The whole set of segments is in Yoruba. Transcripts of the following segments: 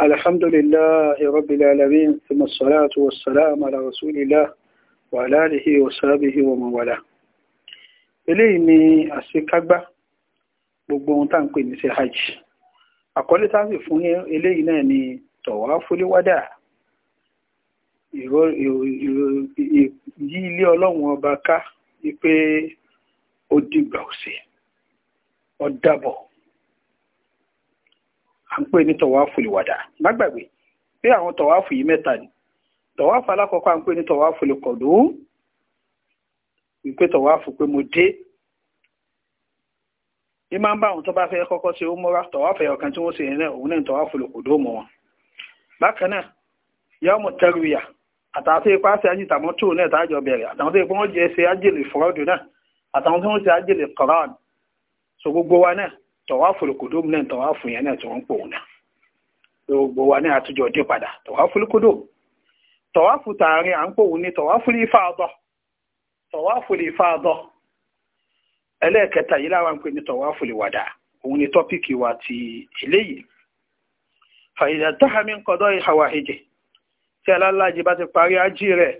الحمد لله رب العالمين ثم الصلاة والسلام على رسول الله وعلى آله وصحبه ومن والاه eléyìí ni àṣekágbá gbogbo ohun tá à ń pè ní ṣe hajj àkọlé tá à ń pè fún eléyìí náà ni tọ̀wá fúléwádà yí ilé ọlọ́run ọba ká wípé ó dìgbà ọ̀sẹ̀ ó dàbọ̀ à ń pè ní tọ̀wáfù ìwàdà má gbàgbé pé àwọn tọ̀wáfù yìí mẹ́ta ni tọ̀wáfù alákọ̀ọ́kọ́ à ń pè ní tọ̀wáfù ìkọ̀dù wípé tọ̀wáfù pé mo dé ní máa ń bá àwọn tó bá fẹ́ kọ́kọ́ ṣe ó múra tọ̀wáfù ẹ̀yọ̀kan tí wọ́n ṣe yẹn náà òun náà tọ̀wáfù ìkọ̀dù mọ́ wọn bákan náà yọ́mù tẹ́rùyà àtàwọn tó yẹ pàṣẹ ajé tàmọ́ tó náà tájọ bẹ̀rẹ̀ àtàwọn tó yẹ pé wọ́n jẹ́ ṣe ajé lè fọ́ọ̀dù náà àtàwọn tó ń ṣe ajé lè kọ̀rọ̀ọ̀nù so gbogbo wa náà tọ̀wáfù lùkùdùm náà tọ̀wáfù yẹn náà tí wọ́n ń pò náà gbogbo wa ní àtújọ dín padà tọ̀wáfù lùkùdùm tọ̀wáfù tààrin à ń pò ní tọ̀wáfù lè fà ọ̀dọ̀ tọ̀wáfù lè fà ọ̀dọ̀ ẹlẹ́ẹ̀kẹta yìí láwọn pè ní tọ̀wáfù lè wàdà òun ni tọ́pìkì wa ti eléyìí fàyìlẹ̀ táhàmì ń kọ́dọ̀ ìhàwà èjè tí alálàájì bá ti parí ájí rẹ̀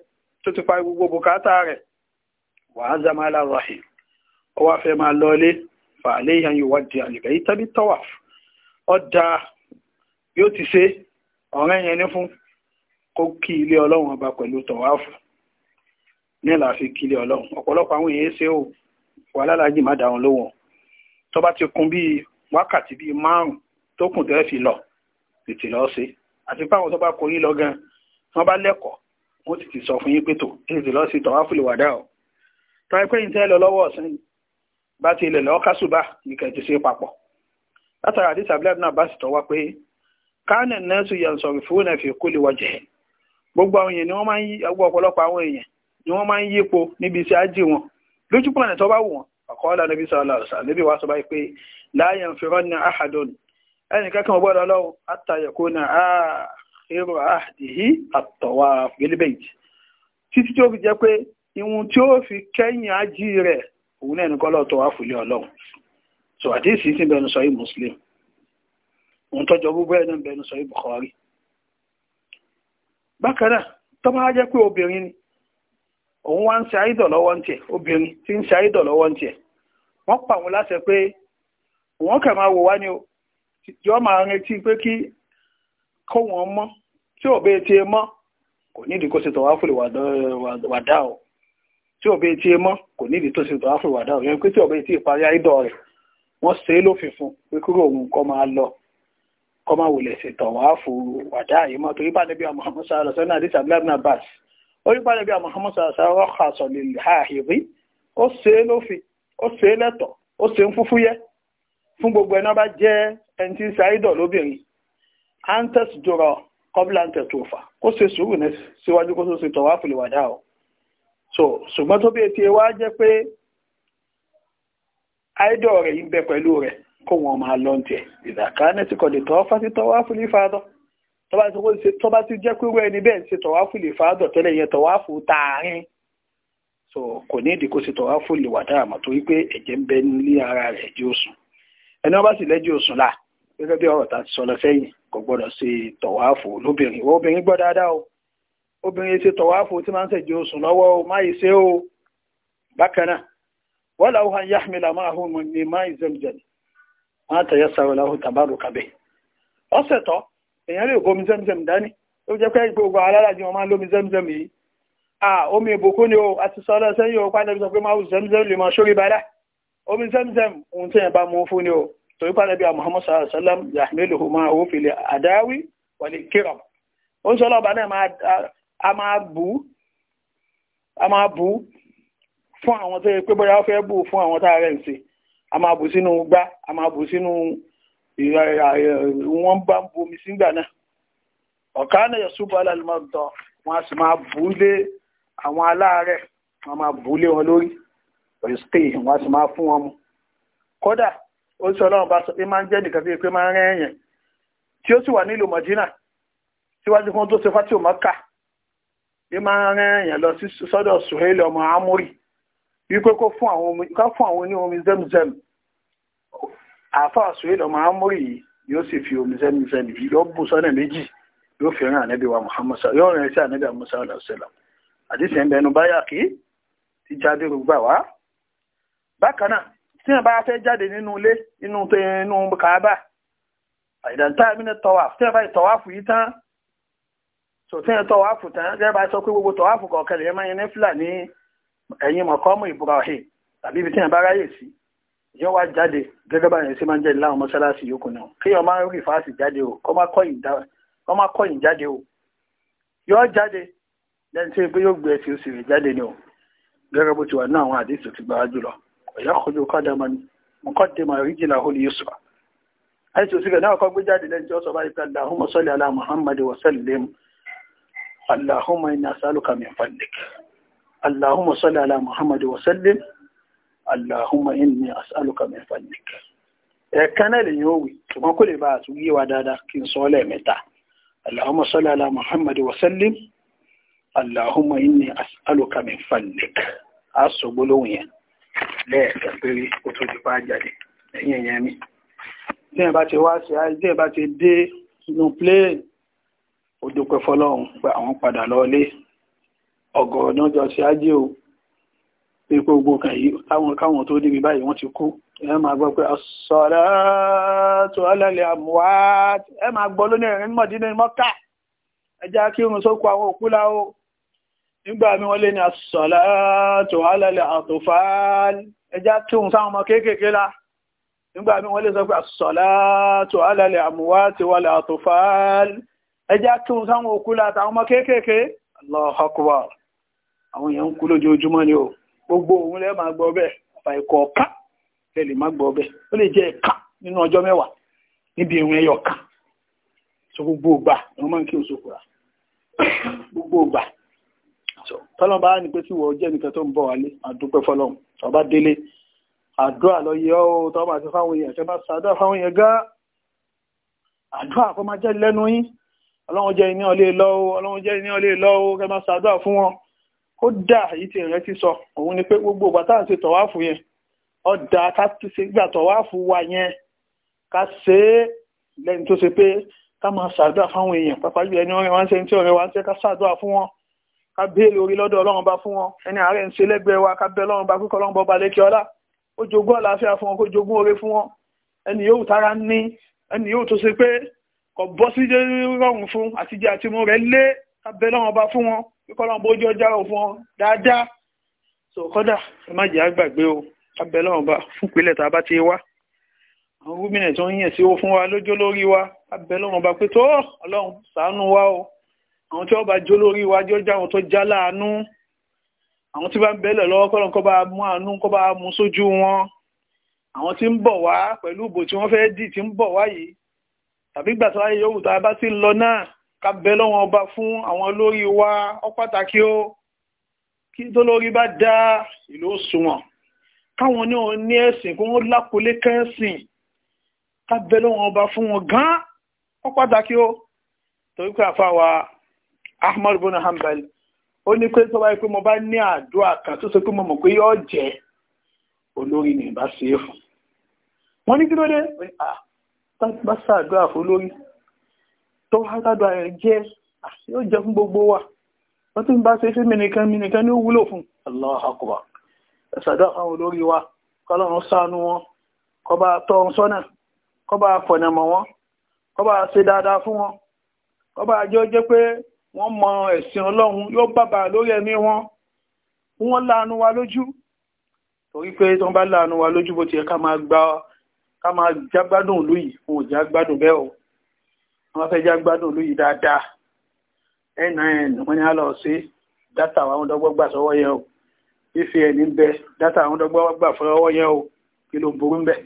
tó ti parí gbogbo bùkátà rẹ̀ wàá zàmà alárọ̀hìn ó wá fẹ́ máa lọlé fàálẹ́ yẹn yóò wádìí àlùbẹ́ yìí tàbí tọ́wà ọ̀dà yóò ti ṣe ọ̀rẹ́ yẹn ní fún kó kí ilé ọlọ́run ọba pẹ̀lú tọ̀wáfù ní láàfi kí ilé ọlọ́run ọ̀pọ̀lọpọ̀ àwọn èèyàn ṣe ò wà lálàájì má dáhùn lóhùn tó bá ti kún bíi wákàtí bíi márùn tó kùn tẹ́ fi lọ tètè lọ ṣe àti pé àwọn tó bá kó yín lọ gan wọn bá lẹ́kọ̀ọ́ wọn ti ti sọ fún yín pé tò tètè lọ sí tọ̀wáfù lè wà dá ọ tọ́ ẹ pé yín tẹ́ lọ lọ́wọ́ ọ̀sán yìí bá ti ilẹ̀ lọ́ọ́ kásùbà nìkan ti ṣe papọ̀ látara àti sàbílẹ̀ náà bá sì tọ́wọ́ pé káàní náà tún yàn sọ̀rọ̀ fún ẹ̀fì kó lè wọ́jẹ̀ gbogbo àwọn èèyàn ni wọ́n máa ń yí ọgbọ́ ọ̀pọ̀lọpọ̀ àwọn èèyàn ni wọ́n máa ń yípo níbi iṣẹ́ ájì wọn lójúpọ̀ náà tó bá wù wọn ọ̀kọ́ọ́lá níbi sọ̀rọ̀ ọ̀sà níbi wàá báyìí pé láàyè ń fẹ́ràn ní àhàdùn ẹnì kankan gbọ́dọ̀ lọ́wọ́ àtàyẹ̀kọ́ náà èrò àdìhí àtọ̀wà gẹ́lẹ́bẹ̀ẹ́jì títí tí ó fi jẹ́ pé ìwọ̀n tí ó fi kẹ́yìn ájì rẹ̀ òun náà ní kọ́lọ̀ tó wá fòlé ọlọ́run so àdéhìsí sí bẹnu sọ yìí muslim òun tọ́jọ gbogbo ẹ̀ náà bẹnu sọ yìí bukhari bákan náà tó bá jẹ́ pé obìnrin ni òun wá ń ṣe àìdọ̀ lọ́wọ́ ń tiẹ̀ obìnrin tí ń ṣe àìdọ̀ lọ́wọ́ ń tiẹ̀ wọ́n pa òun láṣẹ pé wọ́n kàn máa wò wá ni o yọ máa retí pé kí kó wọn mọ́ tí òbí ti mọ́ kò nídìí kó ṣe tọ̀wá fòlè wàdá o tí ọbẹ̀ etí ẹ mọ́ kò ní ìdí tó ṣe tọ́wá fòwádà òyìn pé tí ọbẹ̀ etí ìparí àìdọ̀ rẹ̀ wọ́n ṣe é lófin fún pé kúrò òun kọ́ máa lọ kọ́ máa wòlẹ̀ ṣe tọ̀wá fòwádà yìí mọ́ torí bá níbi Muhammad sallallahu alaihi wasallam àdìsá abdulhamid abbas ó rí bá níbi Muhammad sallallahu ọkà sọ̀lẹ̀ àhìrí ó ṣe é lófin ó ṣe é lẹ́tọ̀ ó ṣe ń fúfúyẹ́ fún gbogbo ẹ̀nà bá jẹ́ ẹni tí ń ṣe àìdọ̀ lóbìnrin antes jọrọ kọ́bílà ń tẹ̀ tó fà kó ṣe sùúrù náà síwájú kó tó ṣe tọ̀wá fòlẹ̀wádà ọ̀ so ṣùgbọ́n tó bí etí wá jẹ́ pé idol rẹ̀ yìí ń bẹ pẹ̀lú rẹ̀ kó wọn máa lọ tiẹ̀ ìdàká náà ti kọ̀dé tọ́ fún fàádọ́ tó ti jẹ́ pé bẹ́ẹ̀ ń ṣe fún so kò ní ìdí kó ṣe tọ́wá fún torí pé ẹ̀jẹ̀ ń bẹ ní ara rẹ̀ ẹ̀jẹ̀ ẹni wọn bá sì lẹ́jọ́ gẹ́gẹ́ bí ta ti sọ obìnrin ṣe tọ̀wáfò tí máa ń tẹ̀jẹ́ oṣù lọ́wọ́ o máa ṣe o bákan náà wọ́n láwọ́ hàn yáhìmìlà máa hùn ní máa ìzẹ́mìjẹ̀m máa tẹ̀yẹ sàrọ̀ láwọ́ tàbárò kàbẹ̀ ọ̀sẹ̀ tọ́ èèyàn lè gomi zẹ́mìzẹ́m dání ó jẹ́ pé gbogbo alárajì wọn máa lómi zẹ́mìzẹ́m yìí à omi ìbùkún ni o àti sọ́lọ́ sẹ́yìn o pàdé sọ pé máa wù zẹ́mìzẹ́m lè máa sórí bàdá omi zẹ́mìzẹ́m ohun tí yẹn bá mú fún ni a máa bù a máa bù fún àwọn tó yẹ pé bóyá ó fẹ́ bù fún àwọn tá a rẹ̀ ń ṣe a máa bù sínú gbá a máa bù sínú wọ́n bá ń bomi sígbà náà ọ̀ká náà yẹ̀ súbọ̀ alálùmọ́tọ̀ wọ́n a sì máa bù lé àwọn aláàárẹ̀ wọ́n máa bù lé wọn lórí ọ̀yẹ́sìkè wọ́n a sì máa fún wọn mu kódà ó sọ ọlọ́run bá sọ pé máa ń jẹ́ nìkan pé máa ń rẹ́ tí ó sì wà nílùú mọ̀dínà síwájú fún tó ṣe fátì òmọ́kà ní máa rán èèyàn lọ sí sọ́dọ̀ Suhail ọmọ Amúrì wípé kó fún àwọn ní omi zemzem àáfàá Suhail ọmọ Amúrì yìí yóò sì fi omi zemzem yìí yóò bù sọ́nà méjì yóò fi rán ànábì wa Muhammad yóò rán sí ànábì wa Musa alayhisalaam àdìsí ẹ̀ ń bẹnu báyà kí ti jáde rògbà wá bákan náà tí wọ́n bá fẹ́ jáde nínú ilé inú kaaba àìdàntà mí ní tọwà tí wọ́n bá tọwà fún yìí tán sòtún ẹ̀ tọ́wáfù tán gẹ́gẹ́ bá sọ pé gbogbo tọ́wáfù kọ̀ọ̀kan lè máa yẹn ní fúlàní ẹ̀yìn mọ̀kọ́mù Ibrahim tàbí ibi tí yẹn bá ráyè sí yẹn wá jáde gẹ́gẹ́ bá yẹn sí máa ń jáde láwọn mọ́ṣáláṣí yòókù náà kéèyàn máa ń rí fàásì jáde o kọ́ máa kọ́yìn jáde o yọ jáde lẹ́ni tí pé yóò gbé ẹsẹ̀ oṣù rẹ̀ jáde ni o gẹ́gẹ́ bó ti wà ní àwọn àdéhùn ti gbára jùlọ ọ̀yá kojú kọ́dàmọ́ ni mọ́kọ́dẹ́mọ́ ríjìlá hólì Yusuf àìsí oṣù rẹ̀ náà kọ́ gbé jáde lẹ́ni tí wọ́n sọ báyìí pé Allahumma salli ala Muhammad wa sallim اللهم إنا أسألك من فضلك اللهم صل على محمد وسلم اللهم إني أسألك من فضلك ẹ̀kan náà lè yóò wí ṣùgbọ́n kó lè bá àtúgbò yíwa dáadáa kí n sọ ọ́ lẹ́ẹ̀mẹ́ta allahumma salli ala muhammad wa sallim allahumma inni as'aluka min fadlik a sọ gbólóhùn yẹn lẹ́ẹ̀kan péré ó tó ti bá jáde ẹ̀yìn ẹ̀yẹn mi tí ẹ̀ bá ti wá sí ayé tí ẹ̀ bá ti dé inú pléènì ó dúpẹ́ fọlọ́run pé àwọn padà lọ́ọ́lé ọ̀gọ̀rọ̀ náà jọ sí ájé o pé gbogbo kan yìí táwọn káwọn tó débi báyìí wọ́n ti kú ẹ máa gbọ́ pé as-salatu ala al-amwat ẹ máa gbọ́ lónìí ẹ̀rín ní Mọ̀dínà ní Mọ́kà ẹjá kí irun sókò àwọn òkú láwó nígbà mi wọ́n lé ní as-salatu ala al-atfal ẹjá kí irun sáwọn ọmọ kéékèèké la nígbà mi wọ́n lè sọ pé as-salatu ala ẹjá kí sáwọn òkú látàwọn ọmọ kéékèèké lọ́ọ̀họ́kùwà àwọn èèyàn ń kú lójoojúmọ́ ni o gbogbo òun lẹ́ máa gbọ́ bẹ́ẹ̀ àfà ikọ̀ ọ̀ká lẹ́ lè má gbọ́ bẹ́ẹ̀ ó lè jẹ́ ẹ̀ka nínú ọjọ́ mẹ́wàá níbi ìrìn ẹyọ kan so gbogbo ògbà ni wọ́n máa ń kí òṣòkùrà gbogbo ògbà tọ́lọ́ bá ní pé tí wọ́n jẹ́ nìkan tó ń bọ̀ wálé àdúpẹ́ fọlọ́run ọba délé àdúrà lọ yẹ ọ́ tọ́ bá ti fáwọn èèyàn tẹ́ bá sàdúrà fáwọn èèyàn gá àdúrà kọ́ máa jẹ́ lẹ́nu yín ọlọ́run jẹ́ iná ọlé lọ́wọ́ ọlọ́run jẹ́ iná ọlé lọ́wọ́ kẹ́ máa ṣàdúrà fún wọn ó dà èyí tí rẹ ti sọ òun ni pé gbogbo ìgbà tá à ń ṣe tọ̀wáàfù yẹn ọ̀dà ká ti ṣe gbà tọ̀wáàfù wa yẹn ká ṣe é lẹ́yìn tó ṣe pé ká máa ṣàdúrà fáwọn èèyàn pàápàá jù ẹni wọn ṣe ń tí ọ̀rẹ́ wa ń ṣe ká ṣàdúrà fún wọn ká béèrè orí lọ́dọ̀ ọlọ́run bá fún wọn ẹni àárẹ̀ ń ṣe lẹ́gbẹ̀ẹ́ wa ká bẹ ọlọ́run bá kíkọ́ ọlọ́run bọba lékè ọlá ó jogún àlàáfíà fún wọn kó jogún oore fún wọn ẹni yóò tára ní ẹni yóò tó ṣe pé kò bọ́ sí rọrùn fún àtijọ́ àti mú rẹ̀ lé abẹ́ lọ́wọ́n bá fún wọn kíkọ́ lọ́wọ́n bójú ọjà rò fún wọn dáadáa so kọ́dà ẹ má jẹ́ àgbàgbé o abẹ́ lọ́wọ́n bá fún ìpínlẹ̀ tá a bá ti wá àwọn gómìnà tó ń yàn sí owó fún wa lójó lórí wa abẹ́ lọ́wọ́n bá pé tó ọlọ́run ṣàánú wa o àwọn tí wọ́n bá jó lórí wa jọ jáwọn tó já láàánú àwọn tí bá ń bẹ́lẹ̀ lọ́wọ́ kọ́ lọ́n kọ́ bá mú àánú kọ́ bá mú sójú wọn àwọn tí ń bọ̀ wá pẹ̀lú ìbò tí wọ́n fẹ́ tàbí gbàtà ayé yòówù tá a bá ti lọ náà ká bẹ lọ́wọ́n ọba fún àwọn olórí wa ó pàtàkì ó kí tó lórí bá dá ìlú òṣùwọ̀n káwọn ní òun ní ẹ̀sìn kó wọ́n lákòólé kẹ́sìn ká bẹ lọ́wọ́n ọba fún wọn gan ó pàtàkì ó torí pé àfàwà Ahmad bin Hanbal ó ní pé tó pé mo bá ní àdúrà kan tó sọ pé mo mọ̀ pé yóò jẹ́ olórí ní ìbá fún wọ́n ní kí ló dé bá ṣàdúrà fún lórí tó wá sádùn ààrẹ jẹ́ yóò jẹ́ fún gbogbo wa wọ́n tí ń bá ṣe fún mìnìkan mìnìkan ní ó wúlò fún Allahu Akbar ṣàdúrà fáwọn olórí wa kọ́lọ́run ṣàánú wọn kó bá tọ́ wọn sọ́nà kó bá fọ̀nàmọ̀ wọn kó bá ṣe dáadáa fún wọn kó bá jẹ́ jẹ́ pé wọ́n mọ ẹ̀sìn ọlọ́run yóò bàbà lórí ẹ̀mí wọn wọ́n láàánú wa lójú torí pé tí wọ́n bá láàánú wa lójú bó ti yẹ ká máa gba ká máa jágbádùn ìlú yìí wọn ò jágbádùn bẹ́ẹ̀ o wọ́n fẹ́ jágbádùn ìlú yìí dáadáa nin wọ́n ní á lọ sí dátà àwọn dọ́gbọ́n gbà sọ́wọ́ yẹn o fífi ẹ̀ní bẹ dátà àwọn dọ́gbọ́n gbà sọ́wọ́ yẹn o kí ló burú ń bẹ̀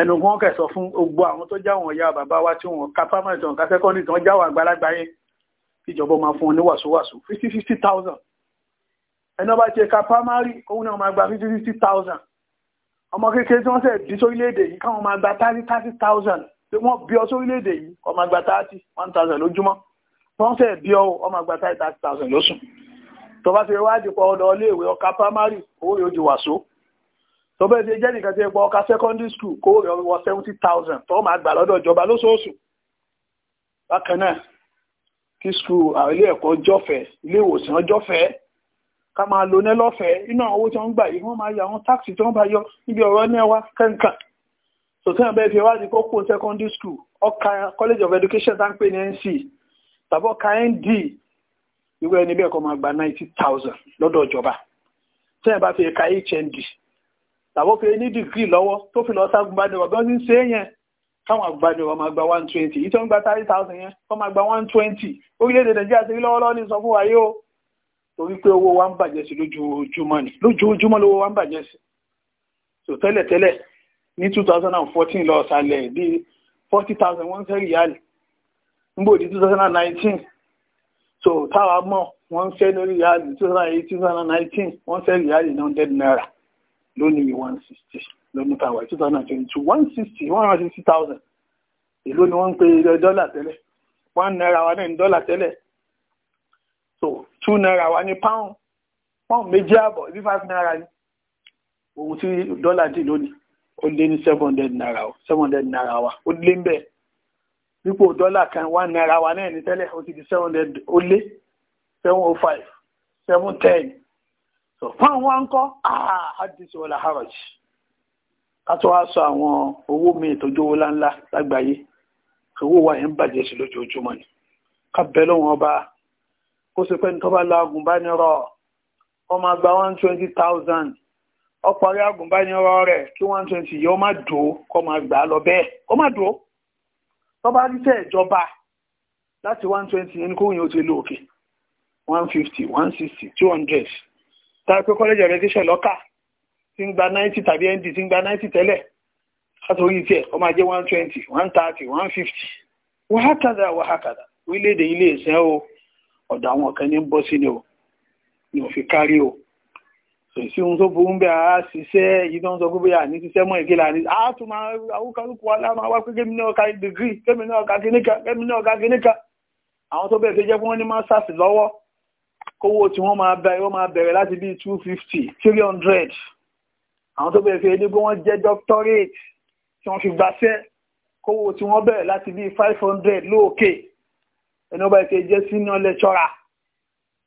ẹnu kan kẹsọ fún gbogbo àwọn tó jáwọn ọ̀yá bàbá wa tí wọn ká pàmẹ́tì ọ̀ká sẹ́kọ́ndì tí wọ́n jáwọn àgbàlagbà yẹn ìjọba máa fún wọn ní wàsúwàsú fifty fifty thousand ẹni ọba ti ka primary òun náà máa gba fifty fifty thousand ọmọ kékeré tí wọ́n sẹ̀ bí sórílẹ̀-èdè yìí káwọn máa gba thirty thirty thousand pé wọ́n bí ọ sórílẹ̀-èdè yìí ọmọ gba thirty one thousand lójúmọ́ wọ́n sẹ̀ bí ọ ọmọ gba thirty thirty thousand lóṣù tó bá ti rí wájú pọ̀ ọ̀dọ̀ iléèwé ọkà primary owó yóò di wàsó tó bẹ́ẹ̀ ti jẹ́ nìkan ti pọ̀ ọkà secondary school kówó rẹ̀ seventy thousand tó máa gbà lọ́dọ̀ ká máa lò ní lọ́fẹ̀ẹ́ inú àwọn owó tí wọ́n ń gbà yìí wọ́n máa yọ àwọn táàkì tí wọ́n bá yọ níbi ọ̀rọ̀ nẹ́wà kankan sòtún ẹ̀bẹ́ fi wádìí kó kó secondary school ọkà college of education tá ń pè ní nc tàbí ọkà nd irú ẹni bẹ́ẹ̀ kọ́ máa gba ninety thousand lọ́dọ̀ ìjọba tí ẹ̀ bá fi ka hnd tàbí ó fi ní degree lọ́wọ́ tó fi lọ ságunbánirọ̀ bí wọ́n ti ń ṣe é yẹn káwọn agbanirọ̀ máa gba one twenty yìí tó ń gba thirty thousand yẹn kọ́ máa gba one twenty orílẹ̀-èdè nàìjíríà ti rí lọ́wọ́lọ́wọ́ ní sọ fún wa yìí torí pé owó wa ń bàjẹ́ sí lójoojúmọ́ ni lójoojúmọ́ lówó wa ń bàjẹ́ sí so tẹ́lẹ̀tẹ́lẹ̀ ní two thousand and fourteen lọ sàlẹ̀ bí forty thousand one fẹ́ ríyálì nígbò di two thousand and nineteen so táwa mọ̀ wọ́n fẹ́ lórí ríyálì two thousand and eighteen two thousand and nineteen wọ́n fẹ́ ríyálì ní hundred naira lónìí one sixty lónìí tàwa two thousand and twenty two one sixty one hundred sixty thousand èló ni wọ́n ń pe dọ́là tẹ́lẹ̀ one naira one dollar ní tẹ́lẹ̀ so two naira wa ní pound pound méjì àbọ̀ ibi five naira ni ohun tí dọ́là dì lónìí ó lé ní seven hundred naira seven hundred naira wa ó lé ń bẹ̀ dípò dọ́là kan one naira wa náà ní tẹ́lẹ̀ ó ti di seven hundred ó lé seven oh five seven ten so pound wa ń kọ́ ah hadith wala haraj ká tó wá sọ àwọn owó mi ìtọ́jú owó ńláńlá lágbàáyé owó wa yẹn ń bàjẹ́ sí lójoojúmọ́ ni ká bẹ́ lọ́wọ́n ọba kó ṣe pé nítorí bá lọ agùnbánirọ̀ ọmọ àgbà one twenty thousand ọparí agùnbánirọ̀ rẹ̀ kí one twenty yìí ó má dò ó kó máa gbà á lọ bẹ́ẹ̀ ó má dò ó tọ́ba ríṣẹ́ ìjọba láti one twenty yẹn ni kóhùn yóò ti lò òkè one fifty one sixty two hundred táwọn pé kọ́lẹ́jì rẹ̀ ti ṣẹ̀ lọ́kà tí ń gba ninety tàbí nd tí ń gba ninety tẹ́lẹ̀ látòrí tiẹ̀ ó máa jẹ́ one twenty one thirty one fifty wàhákàdà wàhákàdà orílẹ̀-èdè ilé ìsẹ́ o ọ̀dọ̀ àwọn kan ní bọ́ sí ni o ni ò fi kárí o èsì ohun tó burú ń bẹ àá ṣiṣẹ́ èyí tó ń sọ gbogbo yà ní ṣiṣẹ́ mọ́ ìgbéla ní àá tún máa awúkálùkù aláàmà wá pé kémi náà ka dìgírì kémi náà ka kíníkà kémi náà ka kíníkà àwọn tó bẹ̀rẹ̀ tó jẹ́ fún wọn ní masters lọ́wọ́ kówó tí wọ́n máa bẹ̀rẹ̀ wọ́n máa bẹ̀rẹ̀ láti bíi two fifty three hundred àwọn tó bẹ̀rẹ̀ fèrè nígbó wọ́n jẹ́ doctorate tí wọ́n fi gbaṣẹ́ kówó tí wọ́n bẹ̀rẹ̀ láti bíi five hundred lóòkè. Okay ẹni ọba ìkẹ́ jẹ́ senior lecturer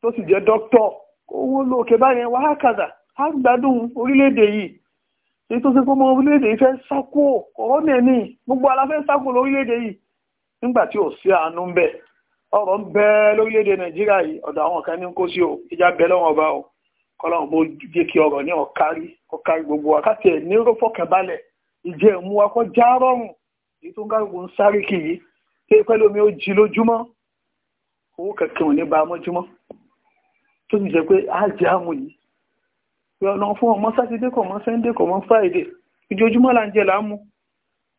tó sì jẹ́ dókítọ̀ owó lóòkè báyẹn wà á kàdà á gbádùn orílẹ̀-èdè yìí èyí tó ṣe pé ọmọ orílẹ̀-èdè yìí fẹ́ sákò ọ̀rọ̀ náà ní gbogbo aláfẹ́ sákò lórílẹ̀-èdè yìí nígbà tí ò sí àánú ń bẹ ọ̀rọ̀ ń bẹ lórílẹ̀-èdè nàìjíríà yìí ọ̀dọ̀ àwọn kan ní kó sí o ìjà bẹ lọ́wọ́ ọba o kọ́lọ́run bó jẹ́ kí ọ̀rọ̀ ní ọ̀kárí ọ̀kárí gbogbo wa káti ẹ̀ ní rọ́fọ̀kànbalẹ̀ ìjẹ́ ìmú wa kọ́ já rọrùn èyí tó ń kárùkù ń sáré kì í pé pẹ́lú omi ó jí lójúmọ́ owó kẹ̀kẹ́ ò ní ba mọ́júmọ́ tó ti jẹ́ pé á jẹ́ àmú yìí pé ọlọ́run fún ọmọ sátidé kọ̀ mọ́ sẹ́ńdé kọ̀ mọ́ fáìdé ìjọjúmọ́ là ń jẹ láàmú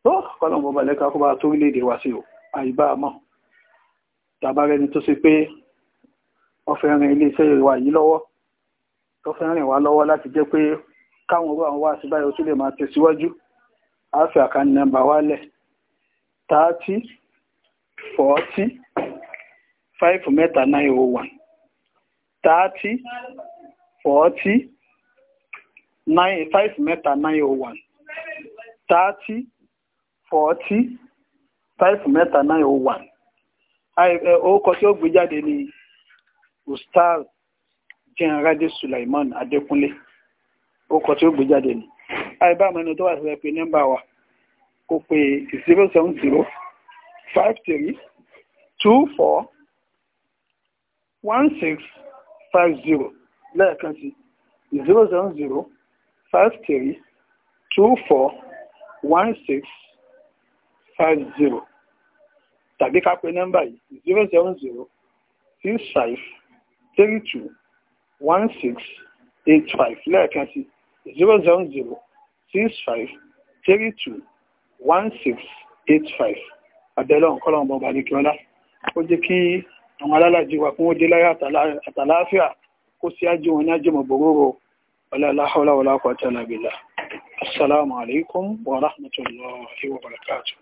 tó kọ́lọ́mù bọ̀bà lẹ́ka kó bá torílẹ̀-èdè wá sí o àyíbá àmọ́ tàbá rẹni tó ṣe pé wọ́n fẹ́ ran iléeṣẹ́ wa yìí lọ́wọ́ tó fẹ́ ràn wá lọ́wọ́ láti jẹ́ pé káwọn orú àwọn wá sí báyìí ó tún lè máa tẹ̀síwájú á fi àkànnì nọ́mbà wálẹ̀ thirty forty five mẹ́ta nine oh one thirty forty nine five mẹ́ta nine oh one thirty forty five mẹ́ta nine oh one eh, orúkọ tí ó gbé jáde ní ustaz jẹ́nradé Sulaiman Adekunle. orúkọ tí ó gbé jáde ní àìbámẹ́nu tó wà sílẹ̀ pé nọ́mbà wa kó pe zero seven zero five three two four one six five zero lẹ́ẹ̀kan sí zero seven zero five three two four one six five zero tàbí ká pe nọ́mbà yìí zero seven zero six five three two one six eight five lẹ́ẹ̀kan sí zero seven zero six five three two one six eight five àbẹ̀lọ́ nǹkan lọ́wọ́ bọ̀ bàdé kí wọ́n dá ó jẹ́ kí àwọn alálàjì wa fún òde láyé àtàláfíà kó sí ájú wọn ní ájúmọ̀ gbogbo ọlọ́lá ọlọ́wọ́lá kọjá lábílá assalamu alaikum wa rahmatullahi wa barakatuh